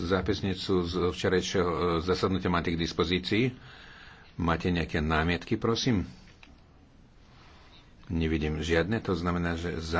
zápisnicu z včerajšieho e, zasadnutia máte k dispozícii. Máte nejaké námietky, prosím? Nevidím žiadne, to znamená, že za